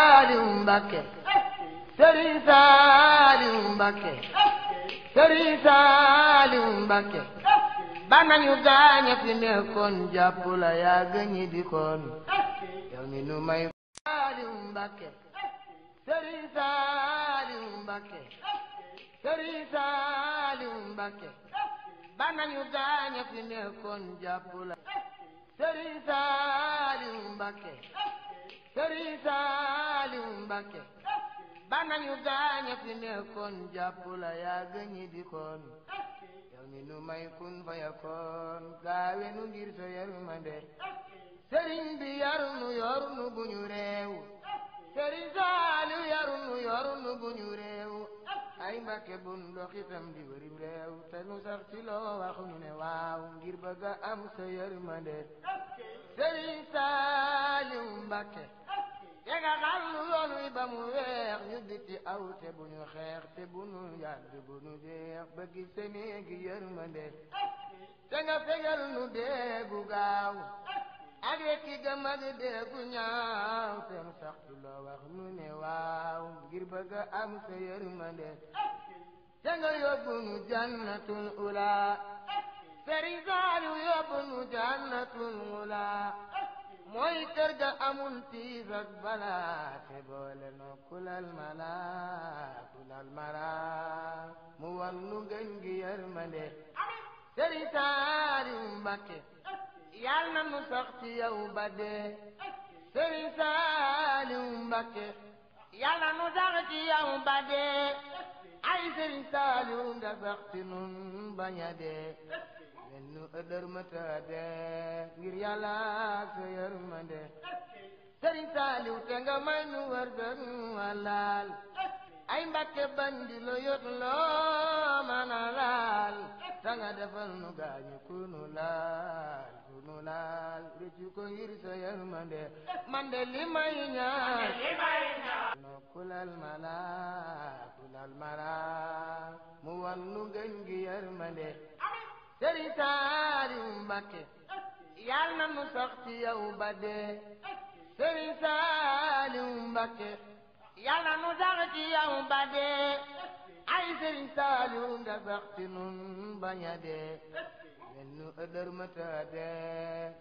Saaliw Mbàkke sëriñ Saaliw Mbàkke sëriñ Saaliw Mbàkke ba yaa gëñi bi koon yow nu may Saaliw Mbàkke sëriñ Saaliw Mbàkke Mbàkke ba nañu gaaña fi nekkoon jàpp la yaa gëñi di koon yow mi nu may kun fa yakoon gaawe nu ngir sa yërmande sëriñ bi yarnu yornu bu ñu réew sëriñ saali yarnu yornu bu ñu réew ay Mbàkke bun doxitam di wërim réew te nu sax ci loo wax ñu ne waaw ngir bëgga am sa yërmande sëriñ saali Mbàkke te nga xal yoon wi ba mu weex ñu di ci aw te bu ñu xeex te bu ñu yàgg bu ñu jeex ba gis te néegi yërmande te nga fegal nu deegu gaaw ak ki gëm ak deegu ñaaw te mu sax ci loo wax nu ne waaw ngir bëgg am sa yërmande te nga yóbbu nu jannatul ula Sëriñ yóbbu nu jannatul mooy kër ga amul tiis balaa te boole noo kulal malaa kulal malaa mu wan gën gi yërmande sëriñ Saaliw Mbàkke yal na nu sax ci yow ba dee sëriñ Saaliw Mbàkke yal na nu sax ci yow ba dee ay sëriñ Saaliw nga sax nun bañ dee benn ëdër mëtaate ngir yàlla sa yërmande sëriñ Saaliw te nga may nu wër gën walaal ay mbàkke bandi yot loo mën laal ta nga defal nu gaañu ku laal nu laal rëccu ko ngir sa yërmande man de li may ñaan nokkulal malaa kulal malaa mu wan nu gën gi yërmande sëriñ Saaliw Mbàkke yal na nu sax ci ba dee sëriñ Saaliw Mbàkke yal na nu sax ci ba dee ay sëriñ Saaliw nga sax nun bañ a dee len nu ëllër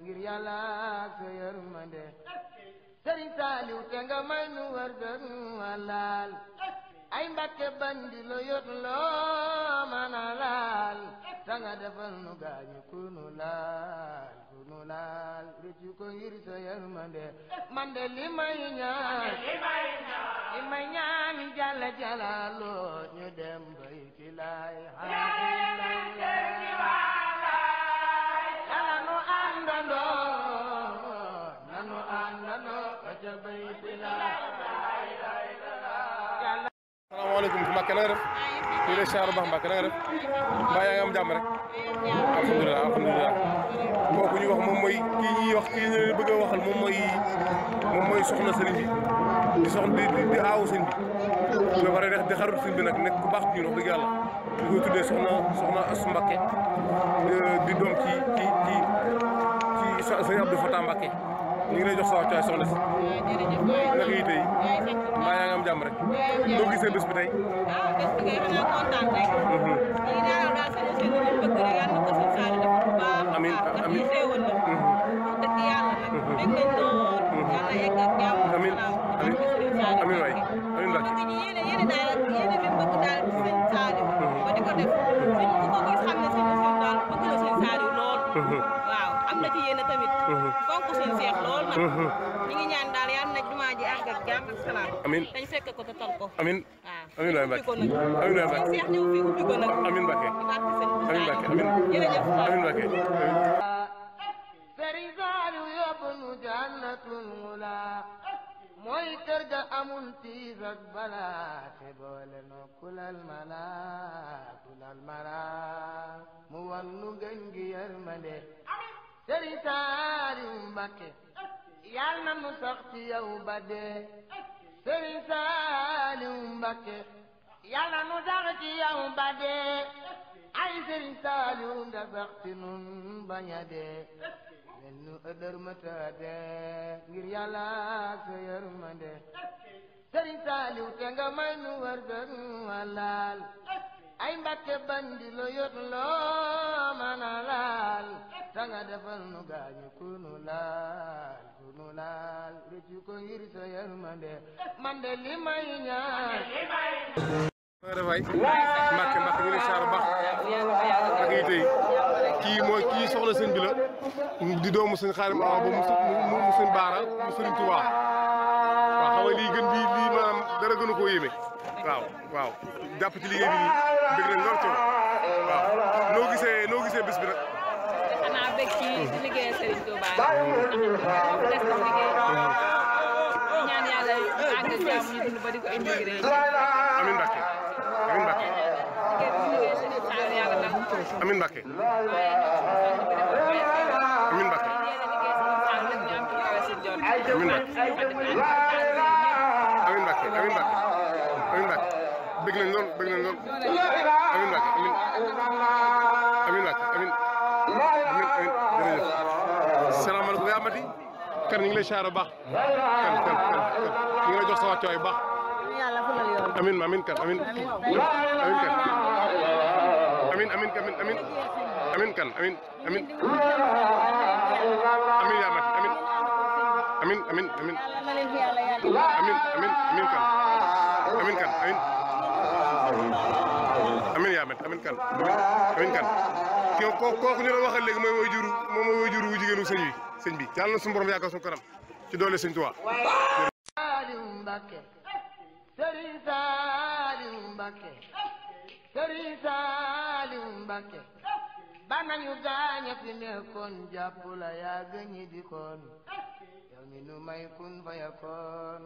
ngir yàlla ak sa yërmande sëriñ Saaliw te nga may nu wër dën walaal ay mbàkke bandi yot loo mën laal ta nga defal nu gaañu ku nu laal nu laal rëccu ko ngir sa yërmande man de li may ñaan li may ñaan jalla jalaaloo ñu dem bay ci laay yàlla nu àndandoo nanu àndandoo ba ca bay ci laay salaamaaleykum Mbacke na nga def ñu ngi lay siyaar bu baax Mbacke na nga def mbaa yaa ngi am jàmm rek alhamdulilah alhamdulilah wax moom mooy kii wax kii ñu waxal moom mooy moom mooy soxna sëriñ bi di soxna bi ba pare di xaru si bi nag nekk ku baax ñun wax dëgg yàlla di koy tuddee soxna soxna Asu Mbakke di doom ci ci ci ci sëriñ Abdou ñu ngi lay jox sa wàccuwaay soxna si naka yi tey mbaa yaa ngi am jàmm rek doo gisee bés bi tey. ah bés bi kay xanaa kontaan rek. Mhm. dañuy daal daal seen seen li bëgg rek yàlla na ko suñu saali def bu baax. amiin amiin ndax lii xéewal la. Mhm. dëgg yàlla rek. Mhm. dégg nañ lool. yàlla yegg ak jàmm. amiin amiin amiin waay amiin bàcc. ñu yéene yéene daal yéene bi bëgg daal seen saali. ba di ko def suñ ku ko gis xam ne suñu suñu daal bëgg la seen saali lool. waaw. am na ci yéen a tamit. Mhm. fonk suñu seex lool nag. Mhm. ñu ngi ñaan daal yal na jumaa ji àgg ak jàmm ak salaam. amiin dañ fekk ko te tal ko. amiin amiin waay Mbacke amiin waay Mbacke seex ñëw fi ubbi ko nag. amiin Mbacke amiin Mbacke amiin jërëjëf amiin Mbacke. Ferifaan yóbbu nu jannatul ula mooy kër ga amul tiis ak balaa te boole no kulal mala kulal mala mu wan nu gën gi yërmande sëriñ Saaliw Mbàkke yal na nu sax ci yow ba dee sëriñ Saaliw Mbàkke yal na nu sax ci yow ay sëriñ Saaliw nga sax ci nun bañ a dee len nu ëllër mata dee ngir yàlla sa yërmande sëriñ Saaliw te nga may nu wërsëg walaal ay Mbàkke bandi lo loo mën a laal tanga defal nu gaañu kunu laal kunu tey kii mooy kii soxla sëñ bi di doomu sëñ xaarim awa ba mu sëñ baara mu sëriñ Tuubaa waaw xam nga lii gën bi lii dara gënu koo yéeme waaw waaw jàpp ci liggéey bi nii waaw noo gisee noo bëgg ci di liggéeyal Serigne Touba mu def ko liggéey di ñaan yàlla àgg ak jàmm ñu dund ba di ko intégré amiin Mbacke amiin Mbacke amiin Mbacke amiin Mbacke amiin Mbacke amiin Mbacke amiin Mbacke bëgg nañ lool bëgg nañ lool amiin Mbacke amiin Mbacke amiin salaamaaleykum yaa amati kan ngi lay siyaare baax kan kan kan ñu ngi lay jox sa wàccuwaay baax amin amin kan amin amin kan amin amin kan amin amin kan amin amin amin yaa amati amin amin amin amin amin amin amin kan amin kan amin amin ya amati amin kan amin kan ko ko kooku ñu la waxal léegi mooy way juru moom mooy wu jigéenu sëñ bi sëñ bi yàlla na suñu borom ci doole sëñ Tuubaa Sëriñ gaaña fi nekkoon yaa gëñi di koon mi nu may kun fa yakoon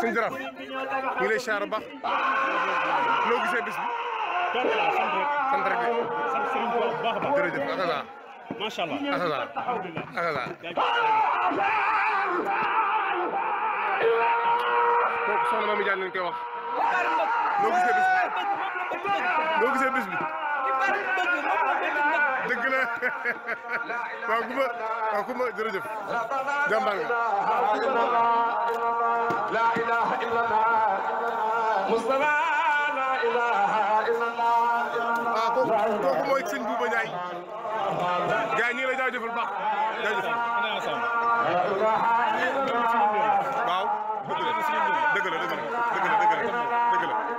sëñ Jaraaf ñu lay siyaare baax donc la sant rek. sant rek de. sant Serigne Touba bu baax a baax. jërëjëf asalaam. macha allah asalaam asalaam. kooku soxna Mami Diagne lañ koy wax. noo gisee bis bi noo gisee bis bi. dëgg la waaw ku ma waaw ku ma jërëjëf. jàmbaar nga. la ilaha illallah Mustafa la ilaha kooku mooy sëñ Bouba Ndiaye gars yi ñu ngi lay jaajëfal baax jaajëfal waaw dëgg la dëgg la dëgg la dëgg la dëgg la dëgg la dëgg la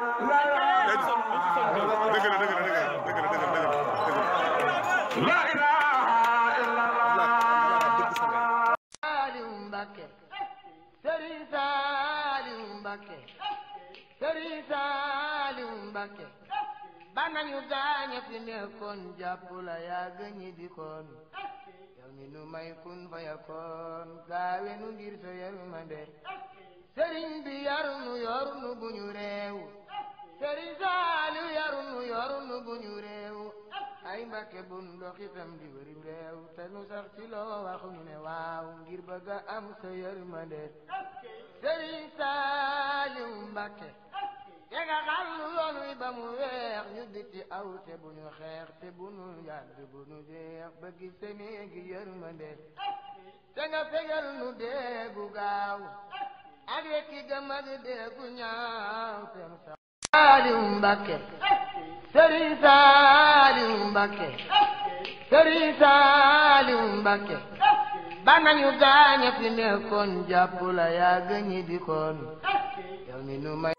Sëriñ Saaliw Mbàkke ba nañu gaañe fi nekkoon jàpp la yaa gëñi di koon yow mi nu may kun fa yakoon gaawe nu ngir sa yërmande sëriñ bi yarnu yornu bu ñu réew sëriñ saaliw yarnu yornu bu ñu réew ay mbakke bun doxitam di wërim réew te nu sax ci loo wax ñu ne waaw ngir bëgg am sa yërmande sëriñ saaliw mbakke te nga xam yoon wi ba mu weex ñu di ci aw te bu ñu xeex te bu ñu yàgg bu ñu jeex ba gis te néegi te nga fegal nu deegu gaaw ak yekki gëm ak deegu ñaaw tem Saaliw Mbakke Sëriñ Saaliw Mbakke Sëriñ Saaliw Mbakke ba gaañe fi nekkoon jàpp la yàgg ñi di koon yow mi nu may